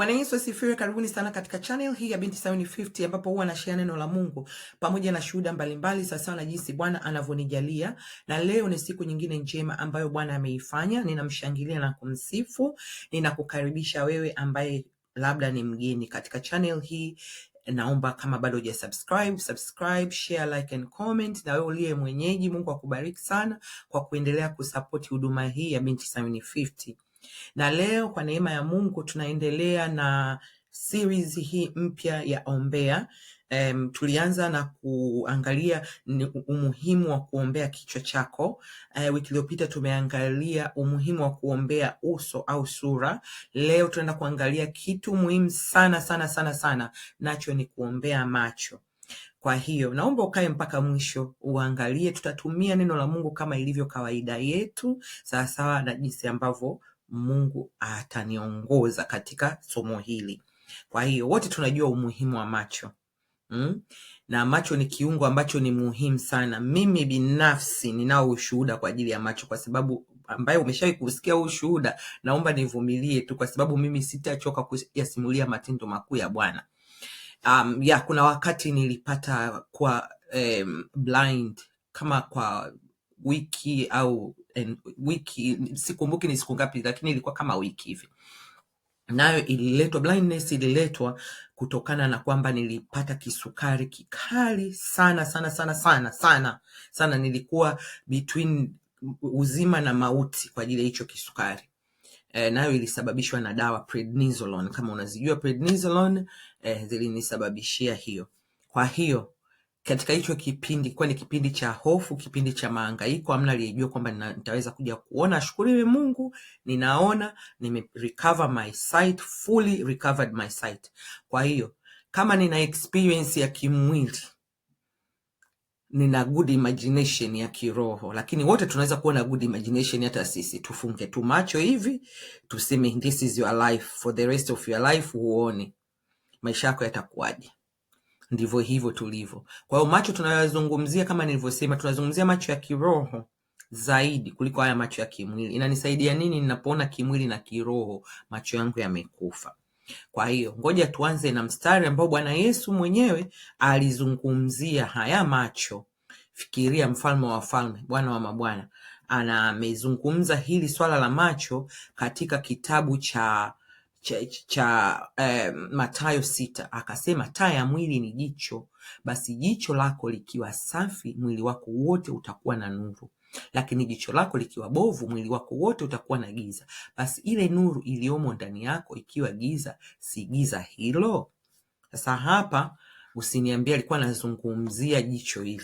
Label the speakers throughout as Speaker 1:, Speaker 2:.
Speaker 1: Bwana Yesu asifiwe. Karibuni sana katika channel hii ya Binti Sayuni 50 ambapo huwa nashare neno la Mungu pamoja na shuhuda mbalimbali sawasawa na jinsi Bwana anavyonijalia, na leo ni siku nyingine njema ambayo Bwana ameifanya. Ninamshangilia na kumsifu. Ninakukaribisha wewe ambaye labda ni mgeni katika channel hii Naomba kama bado huja subscribe, subscribe, share, like and comment. Na wewe uliye mwenyeji, Mungu akubariki sana kwa kuendelea kusapoti huduma hii ya Binti Sayuni 50. Na leo kwa neema ya Mungu tunaendelea na series hii mpya ya ombea. Um, tulianza na kuangalia umuhimu wa kuombea kichwa chako. Uh, wiki iliyopita tumeangalia umuhimu wa kuombea uso au sura. Leo tunaenda kuangalia kitu muhimu sana sana sana sana, nacho ni kuombea macho. Kwa hiyo naomba ukae mpaka mwisho uangalie, tutatumia neno la Mungu kama ilivyo kawaida yetu, sawasawa na jinsi ambavyo Mungu ataniongoza katika somo hili. Kwa hiyo wote tunajua umuhimu wa macho mm? na macho ni kiungo ambacho ni muhimu sana. Mimi binafsi ninao ushuhuda kwa ajili ya macho, kwa sababu ambaye umeshawahi kusikia huu ushuhuda, naomba nivumilie tu, kwa sababu mimi sitachoka kuyasimulia matendo makuu ya Bwana. Um, ya kuna wakati nilipata kwa um, blind kama kwa wiki au en, wiki sikumbuki ni siku ngapi, lakini ilikuwa kama wiki hivi. Nayo ililetwa blindness, ililetwa kutokana na kwamba nilipata kisukari kikali sana sana sana sana sana sana. Nilikuwa between uzima na mauti kwa ajili ya hicho kisukari. E, nayo ilisababishwa na dawa prednisolone. Kama unazijua prednisolone, e, zilinisababishia hiyo. Kwa hiyo katika hicho kipindi, ni kipindi cha hofu, kipindi cha mahangaiko, amna aliyejua kwamba nitaweza kuja kuona. Shukuruni Mungu, ninaona, nime recover my sight, fully recovered my sight. Kwa hiyo kama nina experience ya kimwili nina good imagination ya kiroho, lakini wote tunaweza kuwa na good imagination. Hata sisi tufunge tu macho hivi, tuseme this is your life for the rest of your life, huoni maisha yako yatakuwaje ndivyo hivyo tulivyo. Kwa hiyo macho tunayozungumzia, kama nilivyosema, tunazungumzia macho ya kiroho zaidi kuliko haya macho ya kimwili. Inanisaidia nini ninapoona kimwili na kiroho macho yangu yamekufa? Kwa hiyo ngoja tuanze na mstari ambao Bwana Yesu mwenyewe alizungumzia haya macho. Fikiria mfalme wa wafalme, Bwana wa mabwana, ana amezungumza hili swala la macho katika kitabu cha cha, cha eh, Mathayo sita akasema, taa ya mwili ni jicho. Basi jicho lako likiwa safi, mwili wako wote utakuwa na nuru, lakini jicho lako likiwa bovu, mwili wako wote utakuwa na giza. Basi ile nuru iliyomo ndani yako ikiwa giza, si giza hilo? Sasa hapa usiniambie alikuwa anazungumzia jicho hili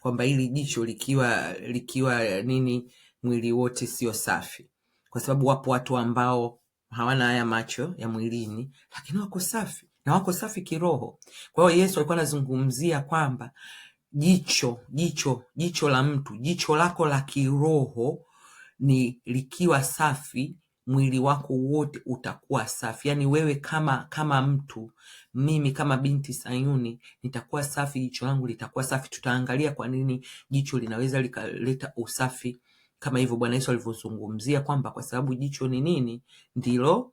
Speaker 1: kwamba hili jicho likiwa likiwa nini, mwili wote sio safi, kwa sababu wapo watu ambao hawana haya macho ya mwilini, lakini wako safi na wako safi kiroho. Kwa hiyo Yesu alikuwa anazungumzia kwamba jicho jicho jicho la mtu jicho lako la kiroho ni likiwa safi, mwili wako wote utakuwa safi. Yaani wewe kama kama mtu, mimi kama binti Sayuni nitakuwa safi, jicho langu litakuwa safi. Tutaangalia kwa nini jicho linaweza likaleta usafi kama hivyo Bwana Yesu alivyozungumzia kwamba kwa sababu jicho ni nini, ndilo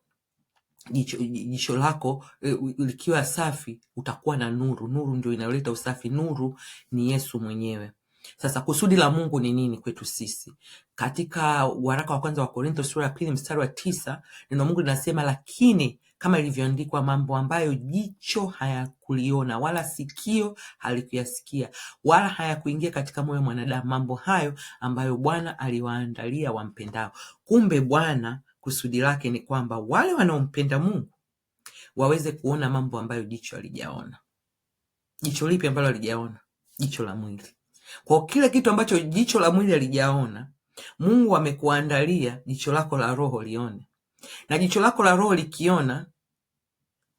Speaker 1: jicho, jicho lako e, likiwa safi utakuwa na nuru. Nuru ndio inayoleta usafi, nuru ni Yesu mwenyewe. Sasa kusudi la Mungu ni nini kwetu sisi? Katika waraka wa kwanza wa Korintho sura ya pili mstari wa tisa neno Mungu linasema, lakini kama ilivyoandikwa, mambo ambayo jicho hayakuliona wala sikio halikuyasikia wala hayakuingia katika moyo wa mwanadamu, mambo hayo ambayo Bwana aliwaandalia wampendao. Kumbe Bwana kusudi lake ni kwamba wale wanaompenda Mungu waweze kuona mambo ambayo jicho halijaona. Jicho lipi ambalo halijaona? Jicho la mwili. Kwa kile kitu ambacho jicho la mwili halijaona, Mungu amekuandalia jicho lako la roho lione na jicho lako la roho likiona,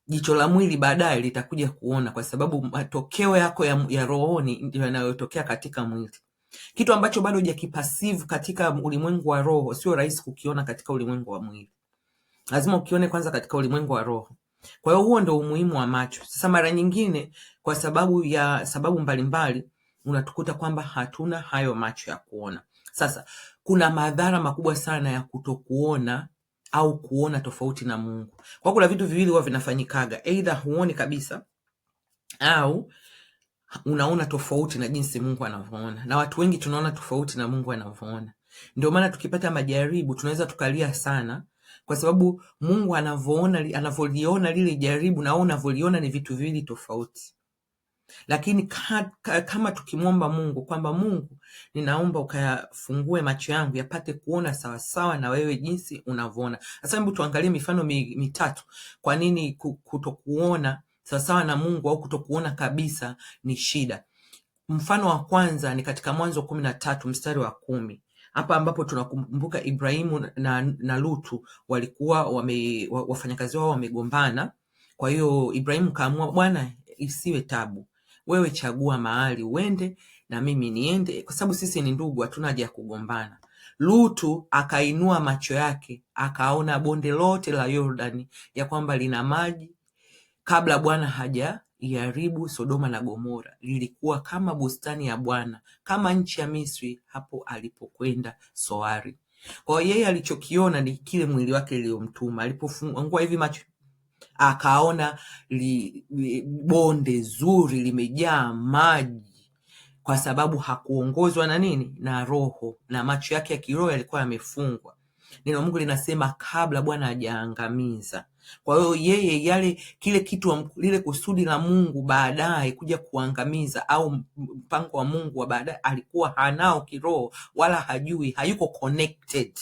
Speaker 1: jicho la mwili baadaye litakuja kuona, kwa sababu matokeo yako ya, ya rohoni ndio yanayotokea katika mwili. Kitu ambacho bado hujakipasivu katika ulimwengu wa roho sio rahisi kukiona katika ulimwengu wa mwili, lazima ukione kwanza katika ulimwengu wa roho. Kwa hiyo huo ndo umuhimu wa macho. Sasa mara nyingine, kwa sababu ya sababu mbalimbali, unatukuta kwamba hatuna hayo macho ya kuona. Sasa kuna madhara makubwa sana ya kutokuona au kuona tofauti na Mungu. Kwa kuna vitu viwili huwa vinafanyikaga, aidha huoni kabisa au unaona tofauti na jinsi Mungu anavyoona, na watu wengi tunaona tofauti na Mungu anavyoona. Ndio maana tukipata majaribu tunaweza tukalia sana, kwa sababu Mungu anavyoona, anavyoliona lile jaribu na wewe unavyoliona ni vitu viwili tofauti. Lakini ka, ka, kama tukimwomba Mungu kwamba Mungu, ninaomba ukayafungue macho yangu yapate kuona sawasawa na wewe jinsi unavyoona. Sasa hebu tuangalie mifano mitatu. Kwa nini kutokuona sawasawa na Mungu au kutokuona kabisa ni shida? Mfano wa kwanza ni katika Mwanzo kumi na tatu mstari wa kumi hapa ambapo tunakumbuka Ibrahimu na, na Lutu walikuwa wame, wafanyakazi wao wamegombana. Kwa hiyo Ibrahimu kaamua, bwana, isiwe tabu, wewe chagua mahali uende na mimi niende, kwa sababu sisi ni ndugu, hatuna haja ya kugombana. Lutu akainua macho yake akaona bonde lote la Yordani ya kwamba lina maji kabla Bwana haja iharibu Sodoma na Gomora, lilikuwa kama bustani ya Bwana, kama nchi ya Misri hapo alipokwenda Soari. Kwa hiyo yeye alichokiona ni kile mwili wake iliyomtuma alipofungua hivi macho akaona li, li, bonde zuri limejaa maji, kwa sababu hakuongozwa na nini, na Roho, na macho yake ya kiroho yalikuwa yamefungwa. Neno Mungu linasema kabla Bwana hajaangamiza. Kwa hiyo yeye yale kile kitu lile kusudi la Mungu baadaye kuja kuangamiza au mpango wa Mungu wa baadaye alikuwa hanao kiroho, wala hajui, hayuko connected.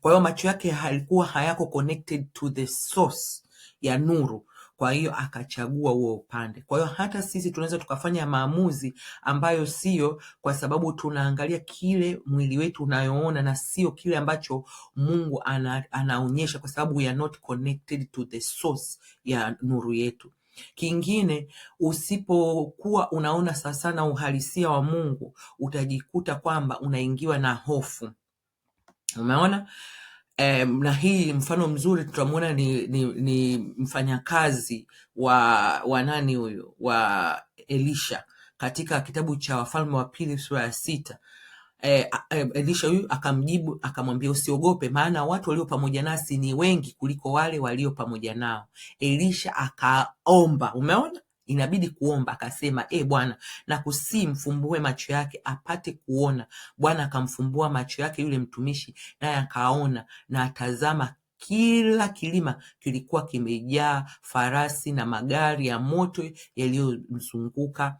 Speaker 1: Kwa hiyo macho yake halikuwa hayako connected to the source ya nuru. Kwa hiyo akachagua huo upande. Kwa hiyo hata sisi tunaweza tukafanya maamuzi ambayo sio kwa sababu tunaangalia kile mwili wetu unayoona na sio kile ambacho Mungu ana, anaonyesha kwa sababu we are not connected to the source ya nuru yetu. Kingine, usipokuwa unaona sana uhalisia wa Mungu utajikuta kwamba unaingiwa na hofu. Umeona? E, na hii mfano mzuri tutamwona ni, ni, ni mfanyakazi wa wa nani huyu wa Elisha katika kitabu cha Wafalme wa Pili sura ya sita. Eh, Elisha huyu akamjibu akamwambia, usiogope, maana watu walio pamoja nasi ni wengi kuliko wale walio pamoja nao. Elisha akaomba. Umeona, inabidi kuomba. Akasema, e Bwana, kusi mfumbue macho yake apate kuona. Bwana akamfumbua macho yake yule mtumishi, naye akaona, na atazama kila kilima kilikuwa kimejaa farasi na magari ya moto yaliyomzunguka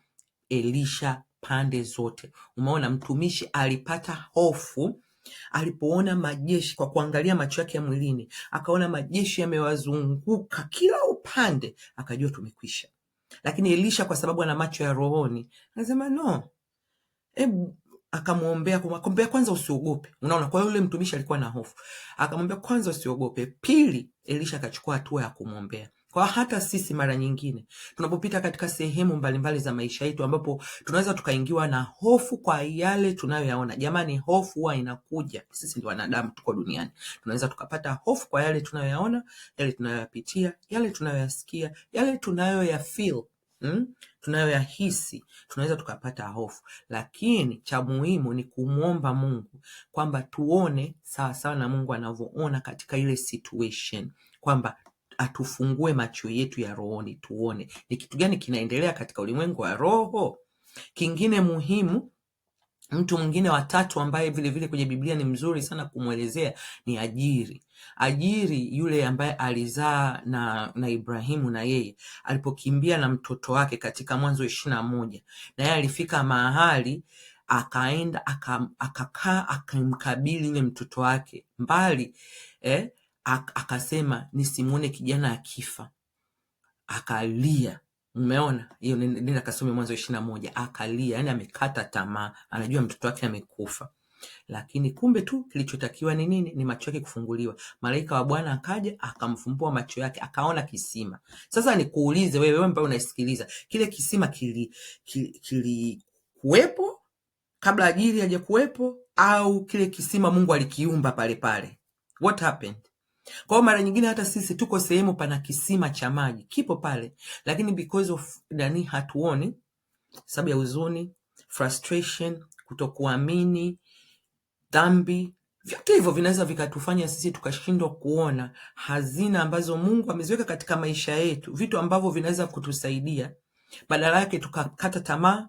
Speaker 1: Elisha pande zote. Umeona, mtumishi alipata hofu alipoona majeshi, kwa kuangalia macho yake ya mwilini, akaona majeshi yamewazunguka kila upande, akajua tumekwisha. Lakini Elisha kwa sababu ana macho ya rohoni anasema no, hebu akamwombea, akamwambia kwanza usiogope. Unaona, kwa yule mtumishi alikuwa na hofu, akamwambia kwanza usiogope. Pili, Elisha akachukua hatua ya kumwombea kwa hata sisi mara nyingine tunapopita katika sehemu mbalimbali mbali za maisha yetu, ambapo tunaweza tukaingiwa na hofu kwa yale tunayoyaona. Jamani, hofu huwa inakuja, sisi ndio wanadamu, tuko duniani. Tunaweza tukapata hofu kwa yale tunayoyaona, yale tunayoyapitia, yale tunayoyasikia, yale feel Hmm? tunayoyahisi tunaweza tukapata hofu, lakini cha muhimu ni kumwomba Mungu kwamba tuone sawasawa na Mungu anavyoona katika ile situation, kwamba atufungue macho yetu ya rohoni, tuone ni kitu gani kinaendelea katika ulimwengu wa roho. Kingine muhimu, mtu mwingine watatu ambaye vile vile kwenye Biblia ni mzuri sana kumwelezea ni Ajiri. Ajiri yule ambaye alizaa na, na Ibrahimu na yeye alipokimbia na mtoto wake katika Mwanzo ishirini na moja na yeye alifika mahali akaenda akakaa akamkabili aka yule mtoto wake mbali eh, akasema nisimwone kijana akifa, akalia. Umeona hiyo, nenda kasome Mwanzo ishirini na moja. Akalia, yani amekata tamaa, anajua mtoto wake amekufa, lakini kumbe tu kilichotakiwa ni nini? Ni macho yake kufunguliwa. Malaika wa Bwana akaja akamfumbua macho yake, akaona kisima. Sasa nikuulize wewe, wewe ambaye unasikiliza kile kisima kili kilikuwepo kili kabla Ajili kuwepo au kile kisima Mungu alikiumba pale pale? What happened? Kwa hiyo mara nyingine hata sisi tuko sehemu pana kisima cha maji kipo pale, lakini because of nani hatuoni, sababu ya huzuni, frustration, kutokuamini, dhambi, vyote hivyo vinaweza vikatufanya sisi tukashindwa kuona hazina ambazo Mungu ameziweka katika maisha yetu, vitu ambavyo vinaweza kutusaidia. Badala yake tukakata tamaa,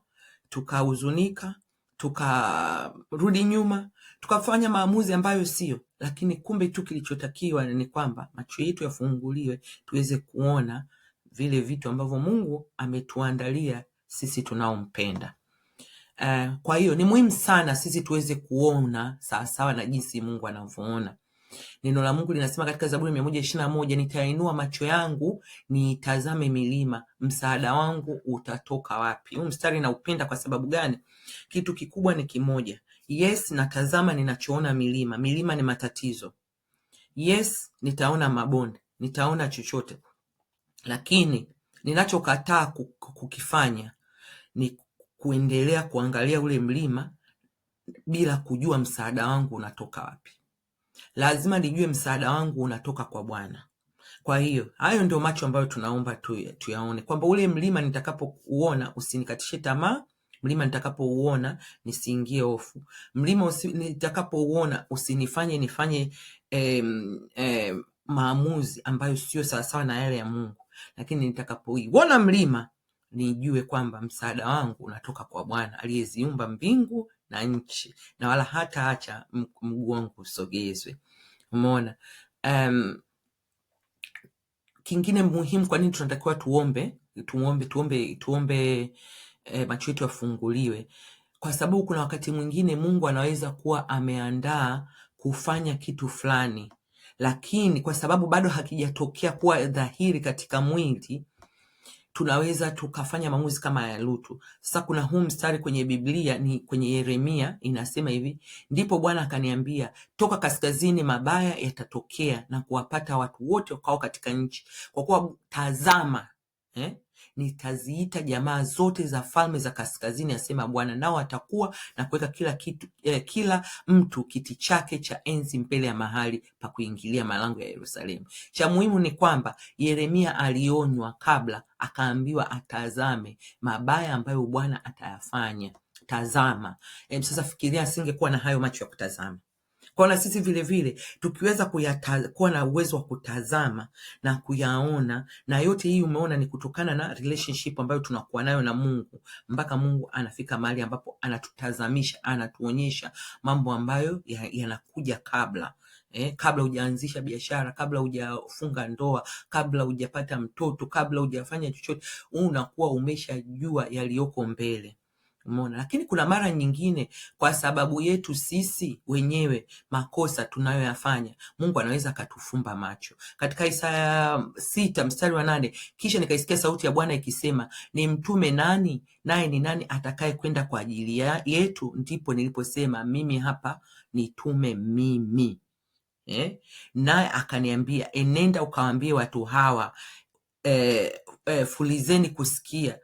Speaker 1: tukahuzunika, tukarudi nyuma, tukafanya maamuzi ambayo sio lakini kumbe tu kilichotakiwa ni kwamba macho yetu yafunguliwe tuweze kuona vile vitu ambavyo Mungu ametuandalia sisi tunaompenda. Uh, kwa hiyo ni muhimu sana sisi tuweze kuona sawasawa na jinsi Mungu anavyoona. Neno la Mungu linasema katika Zaburi mia moja ishirini na moja nitainua macho yangu niitazame milima, msaada wangu utatoka wapi? Huu mstari naupenda kwa sababu gani? Kitu kikubwa ni kimoja, Yes, natazama ninachoona milima, milima ni matatizo. Yes, nitaona mabonde, nitaona chochote, lakini ninachokataa kukifanya ni kuendelea kuangalia ule mlima bila kujua msaada wangu unatoka wapi. Lazima nijue msaada wangu unatoka kwa Bwana. Kwa hiyo hayo ndio macho ambayo tunaomba tuyaone, kwamba ule mlima nitakapouona usinikatishe tamaa, Mlima nitakapouona nisiingie hofu. Mlima usi, nitakapouona usinifanye nifanye eh, eh, maamuzi ambayo sio sawasawa na yale ya Mungu, lakini nitakapoiona mlima nijue kwamba msaada wangu unatoka kwa Bwana aliyeziumba mbingu na nchi, na wala hata acha mguu wangu usogezwe. Umeona? um, kingine muhimu, kwa nini tunatakiwa tuombe tuombe tuombe tuombe eh, macho yetu yafunguliwe, kwa sababu kuna wakati mwingine Mungu anaweza kuwa ameandaa kufanya kitu fulani, lakini kwa sababu bado hakijatokea kuwa dhahiri katika mwili tunaweza tukafanya maamuzi kama ya Lutu. Sasa kuna huu mstari kwenye Biblia ni kwenye Yeremia, inasema hivi: ndipo Bwana akaniambia, toka kaskazini mabaya yatatokea na kuwapata watu wote wakao katika nchi, kwa kuwa tazama, eh? nitaziita jamaa zote za falme za kaskazini, asema Bwana, nao watakuwa na kuweka kila kitu, eh, kila mtu kiti chake cha enzi mbele ya mahali pa kuingilia malango ya Yerusalemu. Cha muhimu ni kwamba Yeremia alionywa kabla, akaambiwa atazame mabaya ambayo Bwana atayafanya. Tazama. Em, sasa fikiria asingekuwa na hayo macho ya kutazama kwa na sisi vile vile tukiweza kuwa na uwezo wa kutazama na kuyaona, na yote hii umeona ni kutokana na relationship ambayo tunakuwa nayo na Mungu, mpaka Mungu anafika mahali ambapo anatutazamisha, anatuonyesha mambo ambayo yanakuja ya kabla Eh, kabla hujaanzisha biashara, kabla hujafunga ndoa, kabla hujapata mtoto, kabla hujafanya chochote, unakuwa umeshajua yaliyoko mbele. Umeona? Lakini kuna mara nyingine kwa sababu yetu sisi wenyewe makosa tunayoyafanya Mungu anaweza akatufumba macho. Katika Isaya sita mstari wa nane kisha nikaisikia sauti ya Bwana ikisema, ni mtume nani? Naye ni nani atakaye kwenda kwa ajili ya yetu? Ndipo niliposema mimi hapa, nitume mimi eh? Naye akaniambia, enenda ukawaambie watu hawa eh, eh, fulizeni kusikia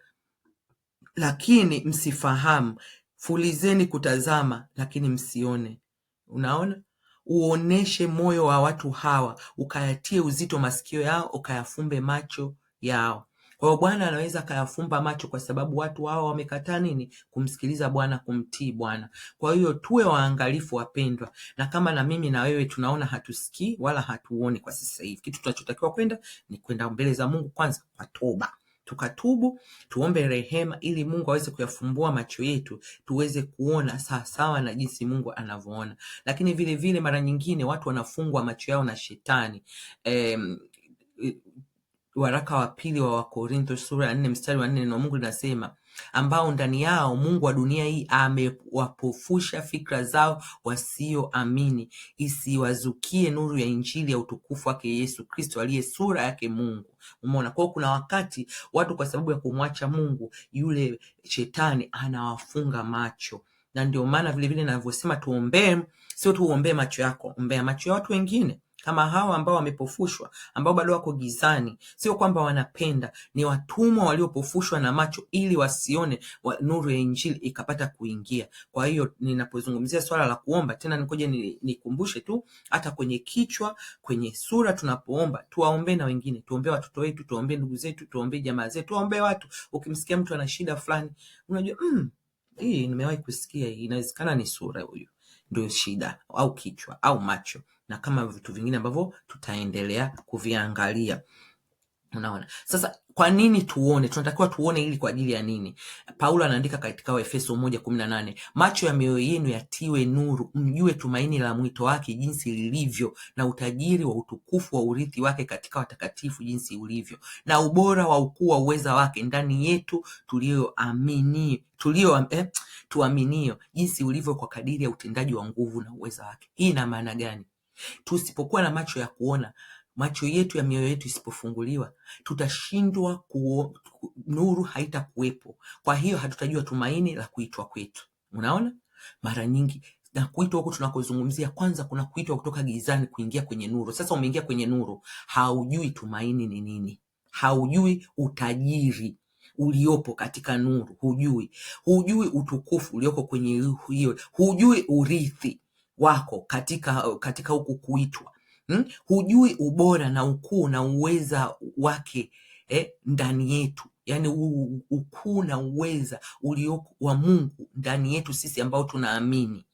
Speaker 1: lakini msifahamu, fulizeni kutazama, lakini msione. Unaona, uoneshe moyo wa watu hawa, ukayatie uzito masikio yao, ukayafumbe macho yao. Kwa hiyo Bwana anaweza akayafumba macho kwa sababu watu hawa wamekataa nini? Kumsikiliza Bwana, kumtii Bwana. Kwa hiyo tuwe waangalifu wapendwa, na kama na mimi na wewe tunaona hatusikii wala hatuoni kwa sasa hivi, kitu tunachotakiwa kwenda ni kwenda mbele za Mungu kwanza kwa toba tukatubu tuombe rehema ili Mungu aweze kuyafumbua macho yetu tuweze kuona sawasawa na jinsi Mungu anavyoona. Lakini vile vile mara nyingine watu wanafungwa macho yao na shetani e, waraka wa pili wa Wakorintho sura ya nne mstari wa nne neno Mungu linasema ambao ndani yao Mungu wa dunia hii amewapofusha fikra zao wasioamini, isiwazukie nuru ya Injili ya utukufu wake Yesu Kristo aliye sura yake Mungu. Umeona, kwa kuna wakati watu kwa sababu ya kumwacha Mungu, yule shetani anawafunga macho na ndio maana vilevile ninavyosema tuombee, sio tuombee macho yako, ombea macho ya watu wengine kama hawa ambao wamepofushwa, ambao bado wako gizani. Sio kwamba wanapenda, ni watumwa waliopofushwa na macho ili wasione wa nuru ya Injili ikapata kuingia. Kwa hiyo ninapozungumzia swala la kuomba tena, nikoje nikumbushe tu, hata kwenye kichwa, kwenye sura tunapoomba, tuwaombe na wengine, tuombe watoto wetu, tuombe ndugu zetu, tuombe jamaa zetu, tuombe watu. Ukimsikia mtu ana shida fulani, unajua mm, hii nimewahi kusikia, inawezekana ni sura huyu ndio shida au kichwa au macho na kama vitu vingine ambavyo tutaendelea kuviangalia. Unaona sasa, kwa nini tuone? Tunatakiwa tuone ili kwa ajili ya nini? Paulo anaandika katika Waefeso moja kumi na nane macho ya mioyo yenu yatiwe nuru, mjue tumaini la mwito wake jinsi lilivyo, na utajiri wa utukufu wa urithi wake katika watakatifu jinsi ulivyo, na ubora wa ukuu wa uweza wake ndani yetu tulioamini tulio eh, tuaminio, jinsi ulivyo kwa kadiri ya utendaji wa nguvu na uweza wake. Hii ina maana gani? Tusipokuwa na macho ya kuona macho yetu ya mioyo yetu isipofunguliwa tutashindwa kuo, nuru haitakuwepo. Kwa hiyo hatutajua tumaini la kuitwa kwetu. Unaona, mara nyingi na kuitwa huko tunakozungumzia, kwanza kuna kuitwa kutoka gizani kuingia kwenye nuru. Sasa umeingia kwenye nuru, haujui tumaini ni nini, haujui utajiri uliopo katika nuru, hujui hujui utukufu ulioko kwenye hiyo, hujui urithi wako katika katika huku kuitwa hmm? Hujui ubora na ukuu na uweza wake eh, ndani yetu yaani ukuu na uweza ulioko wa Mungu ndani yetu sisi ambao tunaamini,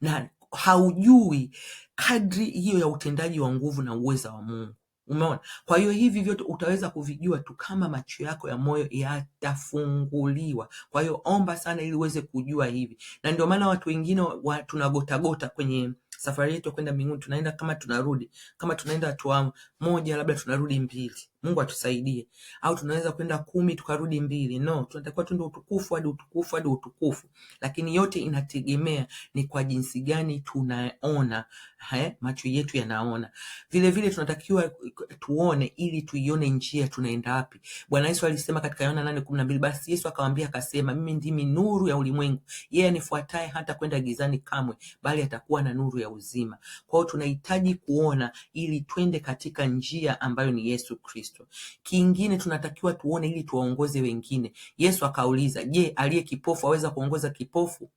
Speaker 1: na haujui kadri hiyo ya utendaji wa nguvu na uweza wa Mungu. Umeona? Kwa hiyo hivi vyote utaweza kuvijua tu kama macho yako ya moyo yatafunguliwa. Kwa hiyo omba sana, ili uweze kujua hivi, na ndio maana watu wengine tunagotagota kwenye safari yetu ya kwenda mbinguni tunaenda kama tunarudi, kama tunaenda tuamu moja labda tunarudi mbili. Mungu atusaidie, au tunaweza kwenda kumi tukarudi mbili. No, tunatakiwa tuende utukufu hadi utukufu hadi utukufu, lakini yote inategemea ni kwa jinsi gani tunaona he, macho yetu yanaona. Vile vile tunatakiwa tuone ili tuione njia tunaenda wapi. Bwana Yesu alisema katika Yohana nane kumi na mbili basi Yesu akamwambia akasema, mimi ndimi nuru ya ulimwengu, yeye anifuataye hata kwenda gizani kamwe, bali atakuwa na nuru ya uzima. Kwa hiyo tunahitaji kuona ili twende katika njia ambayo ni Yesu Kristo. Kristo. Kingine tunatakiwa tuone ili tuwaongoze wengine. Yesu akauliza, je, aliye kipofu aweza kuongoza kipofu?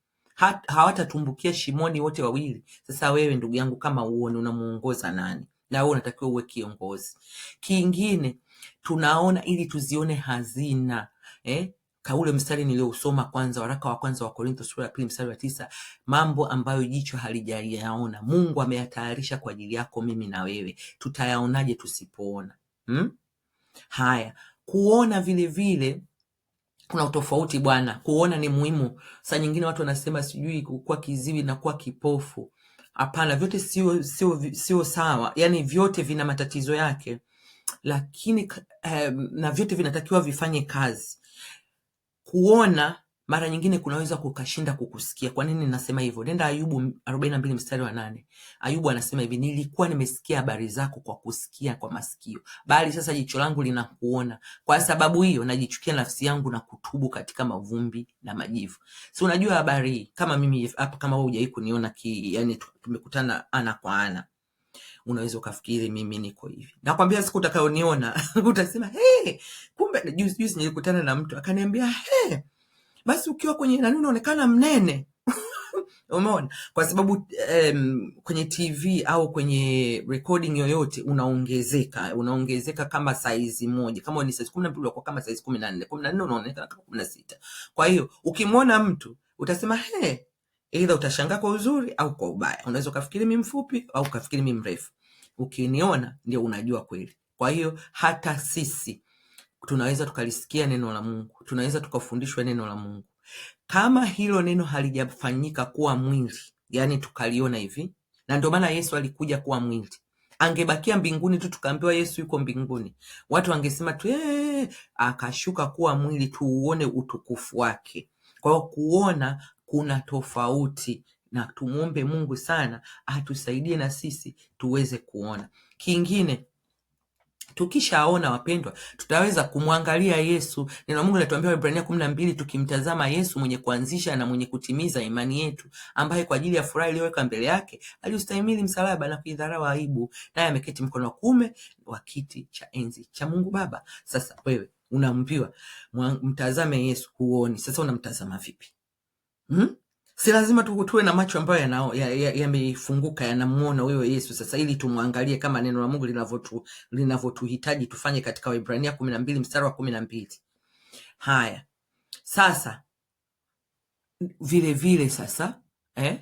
Speaker 1: hawatatumbukia shimoni wote wawili? Sasa wewe ndugu yangu, kama uone unamuongoza nani? Na wewe unatakiwa uwe kiongozi. Kingine tunaona ili tuzione hazina eh? Kaule mstari niliousoma kwanza, waraka wa kwanza wa Korintho sura ya pili mstari wa tisa, mambo ambayo jicho halijayaona Mungu ameyatayarisha kwa ajili yako mimi na wewe, tutayaonaje tusipoona? hmm? Haya, kuona vile vile kuna utofauti bwana. Kuona ni muhimu. Saa nyingine watu wanasema sijui kuwa kiziwi na kuwa kipofu. Hapana, vyote sio sio sio sawa, yaani vyote vina matatizo yake, lakini eh, na vyote vinatakiwa vifanye kazi. Kuona mara nyingine kunaweza kukashinda kukusikia. Kwa nini nasema hivyo? Nenda Ayubu 42 mstari wa nane. Ayubu anasema hivi, nilikuwa nimesikia habari zako kwa kusikia kwa masikio, bali sasa jicho langu linakuona. Kwa sababu hiyo najichukia nafsi yangu na kutubu katika mavumbi na majivu. Si unajua habari hii kama mimi hapa, kama wewe hujai kuniona ki, yani tumekutana ana kwa ana unaweza ukafikiri mimi niko hivi. Nakwambia siku utakayoniona utasema hey, kumbe. Juzi juzi nilikutana na mtu akaniambia hey, basi ukiwa kwenye nani unaonekana mnene umeona, kwa sababu um, kwenye TV au kwenye recording yoyote unaongezeka, unaongezeka kama saizi moja. Kama ni saizi kumi na mbili unakuwa kama saizi kumi na nne kumi na nne unaonekana kama kumi na sita Kwa hiyo ukimwona mtu utasema he, eidha utashangaa kwa uzuri au kwa ubaya. Unaweza ukafikiri mi mfupi au ukafikiri mi mrefu, ukiniona ndio unajua kweli. Kwa hiyo hata sisi tunaweza tukalisikia neno la Mungu, tunaweza tukafundishwa neno la Mungu. Kama hilo neno halijafanyika kuwa mwili, yani tukaliona hivi, na ndio maana Yesu alikuja kuwa mwili. Angebakia mbinguni tu tukaambiwa Yesu yuko mbinguni, watu wangesema tu ee, akashuka kuwa mwili tuuone utukufu wake. Kwa hiyo kuona kuna tofauti, na tumuombe Mungu sana atusaidie na sisi tuweze kuona. Kingine Tukishaona wapendwa, tutaweza kumwangalia Yesu. Neno Mungu linatuambia Waebrania kumi na mbili, tukimtazama Yesu mwenye kuanzisha na mwenye kutimiza imani yetu, ambaye kwa ajili ya furaha iliyoweka mbele yake aliustahimili msalaba na kuidharau aibu, naye ameketi mkono wa kuume wa kiti cha enzi cha Mungu Baba. Sasa wewe unaambiwa mtazame Yesu, huoni. Sasa unamtazama vipi? hmm? Si lazima tu, tuwe na macho ambayo yamefunguka ya, ya yanamuona huyo Yesu sasa, ili tumwangalie kama neno la Mungu linavyotu linavyotuhitaji tufanye katika waibrania kumi na mbili mstari wa kumi na mbili. Haya sasa vilevile vile sasa eh,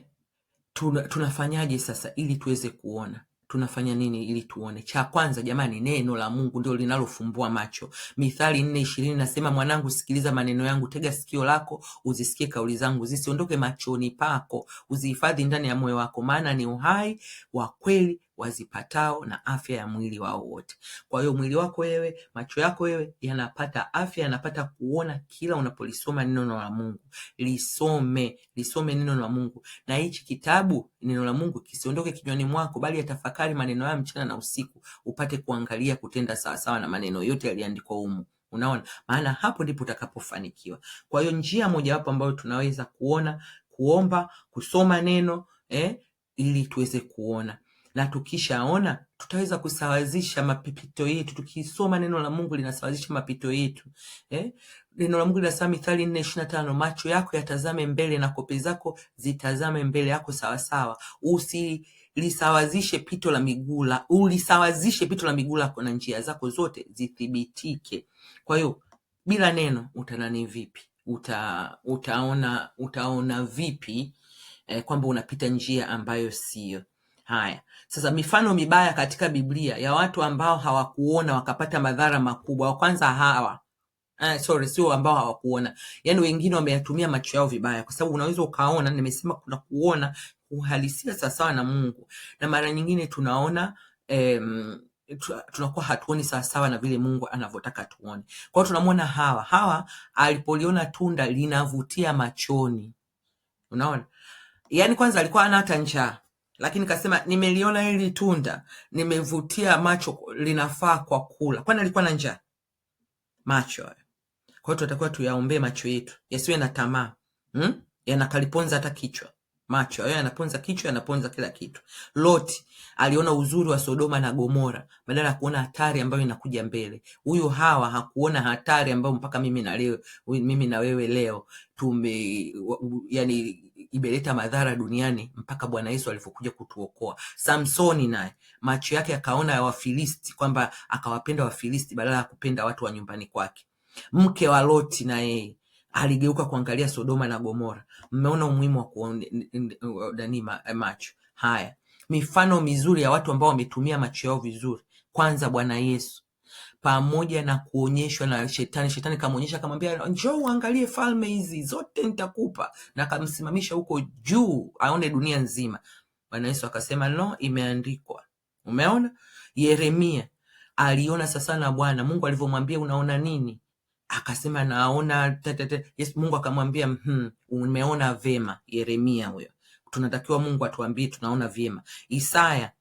Speaker 1: tuna, tunafanyaje sasa ili tuweze kuona tunafanya nini ili tuone? Cha kwanza jamani, neno la Mungu ndio linalofumbua macho. Mithali nne ishirini nasema, mwanangu, sikiliza maneno yangu, tega sikio lako uzisikie kauli zangu, zisiondoke machoni pako, uzihifadhi ndani ya moyo wako, maana ni uhai wa kweli wazipatao na afya ya mwili wao wote. Kwa hiyo mwili wako wewe, macho yako wewe yanapata afya, yanapata kuona kila unapolisoma neno la Mungu. Lisome, lisome neno la Mungu, na hichi kitabu, neno la Mungu, kisiondoke kinywani mwako, bali yatafakari maneno hayo mchana na usiku, upate kuangalia kutenda sawasawa na maneno yote yaliandikwa humu. Unaona, maana hapo ndipo utakapofanikiwa. Kwa hiyo njia mojawapo ambayo tunaweza kuona, kuomba, kusoma neno eh, ili tuweze kuona na tukishaona tutaweza kusawazisha mapito yetu. Tukisoma neno la Mungu linasawazisha mapito yetu eh? Neno la Mungu linasema Mithali nne ishirini na tano macho yako yatazame mbele na kope zako zitazame mbele yako sawasawa, usilisawazishe pito la miguu la ulisawazishe pito la miguu lako na njia zako zote zithibitike. Kwa hiyo bila neno utanani vipi? Uta, utaona utaona vipi eh, kwamba unapita njia ambayo siyo Haya sasa, mifano mibaya katika Biblia ya watu ambao hawakuona wakapata madhara makubwa. Wa kwanza hawa Uh, sorry sio ambao hawakuona, yaani wengine wameyatumia macho yao vibaya, kwa sababu unaweza ukaona, nimesema kuna kuona uhalisia sawasawa na Mungu, na mara nyingine tunaona um, tunakuwa hatuoni sawasawa na vile Mungu anavyotaka tuone. Kwa hiyo tunamwona Hawa, Hawa alipoliona tunda linavutia machoni, unaona, yaani kwanza alikuwa ana hata njaa lakini kasema nimeliona hili tunda, nimevutia macho, linafaa kwa kula. Kwani alikuwa na njaa? Macho hayo. Kwa hiyo tutakuwa tuyaombee macho yetu yasiwe na tamaa hmm? Yanakaliponza hata kichwa. Macho hayo yanaponza kichwa, yanaponza kila kitu. Loti aliona uzuri wa Sodoma na Gomora badala ya kuona hatari ambayo inakuja mbele. Huyu Hawa hakuona hatari ambayo mpaka mimi na leo, mimi na wewe leo tume yani imeleta madhara duniani mpaka Bwana Yesu alivyokuja kutuokoa. Samsoni naye macho yake akaona ya Wafilisti, kwamba akawapenda Wafilisti badala ya kupenda watu wa nyumbani kwake. Mke wa Loti na yeye aligeuka kuangalia Sodoma na Gomora. Mmeona umuhimu wa kuodani eh, macho haya, mifano mizuri ya watu ambao wametumia macho yao vizuri. Kwanza Bwana Yesu pamoja na kuonyeshwa na shetani. Shetani kamwonyesha akamwambia, njoo uangalie falme hizi zote nitakupa, na akamsimamisha huko juu aone dunia nzima. Bwana Yesu akasema no, imeandikwa. Umeona, Yeremia aliona sasa na Bwana Mungu alivyomwambia unaona nini? Akasema naona tetete. Yes, Mungu akamwambia mm, umeona vema Yeremia. Huyo tunatakiwa Mungu atuambie tunaona vyema. Isaya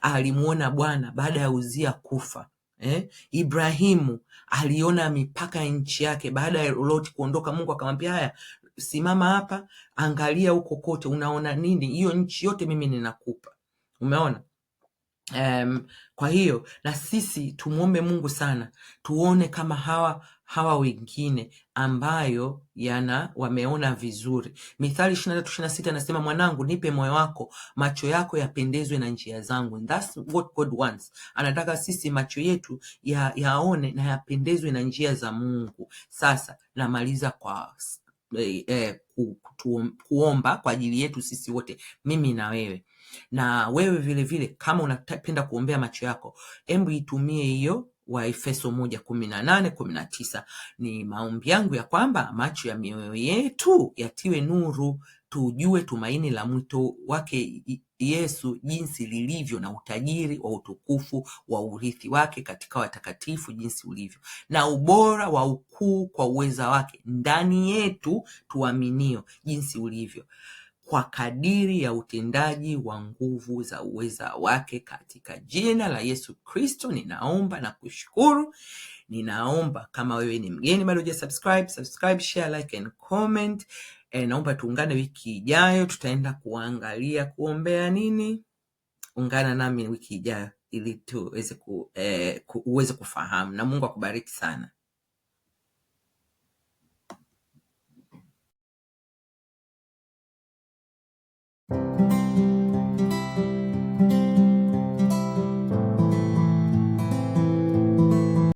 Speaker 1: alimuona Bwana baada ya Uzia kufa Eh, Ibrahimu aliona mipaka ya nchi yake baada ya Loti kuondoka. Mungu akamwambia, haya, simama hapa, angalia huko kote, unaona nini? Hiyo nchi yote mimi ninakupa. Umeona? Um, kwa hiyo na sisi tumwombe Mungu sana, tuone kama hawa hawa wengine ambayo yana wameona vizuri. Mithali sita anasema, mwanangu, nipe moyo wako, macho yako yapendezwe na njia zangu. that's what God wants. Anataka sisi macho yetu ya, yaone na yapendezwe na njia za Mungu. Sasa namaliza kwa eh, eh, ku, tu, kuomba kwa ajili yetu sisi wote, mimi na wewe na wewe vilevile vile, kama unapenda kuombea macho yako, hebu itumie hiyo Waefeso moja kumi na nane kumi na tisa. Ni maombi yangu ya kwamba macho ya mioyo yetu yatiwe nuru, tujue tumaini la mwito wake Yesu jinsi lilivyo na utajiri wa utukufu wa urithi wake katika watakatifu jinsi ulivyo na ubora wa ukuu kwa uweza wake ndani yetu tuaminio jinsi ulivyo kwa kadiri ya utendaji wa nguvu za uweza wake katika jina la Yesu Kristo ninaomba na kushukuru. Ninaomba kama wewe ni mgeni bado huja subscribe, subscribe, share, like and comment. E, naomba tuungane wiki ijayo, tutaenda kuangalia kuombea nini. Ungana nami wiki ijayo ili tuweze ku, eh, ku, uweze kufahamu na Mungu akubariki sana.